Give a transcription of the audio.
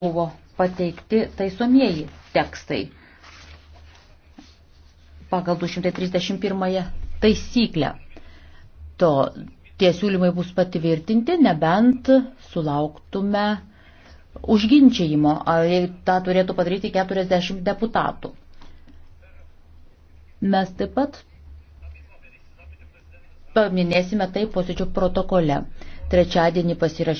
buvo pateikti taisomieji tekstai pagal 231 taisyklę. To tie siūlymai bus patvirtinti, nebent sulauktume užginčiajimo, ar tą turėtų padaryti 40 deputatų. Mes taip pat paminėsime tai posėdžio protokole. Trečiadienį pasirašyti.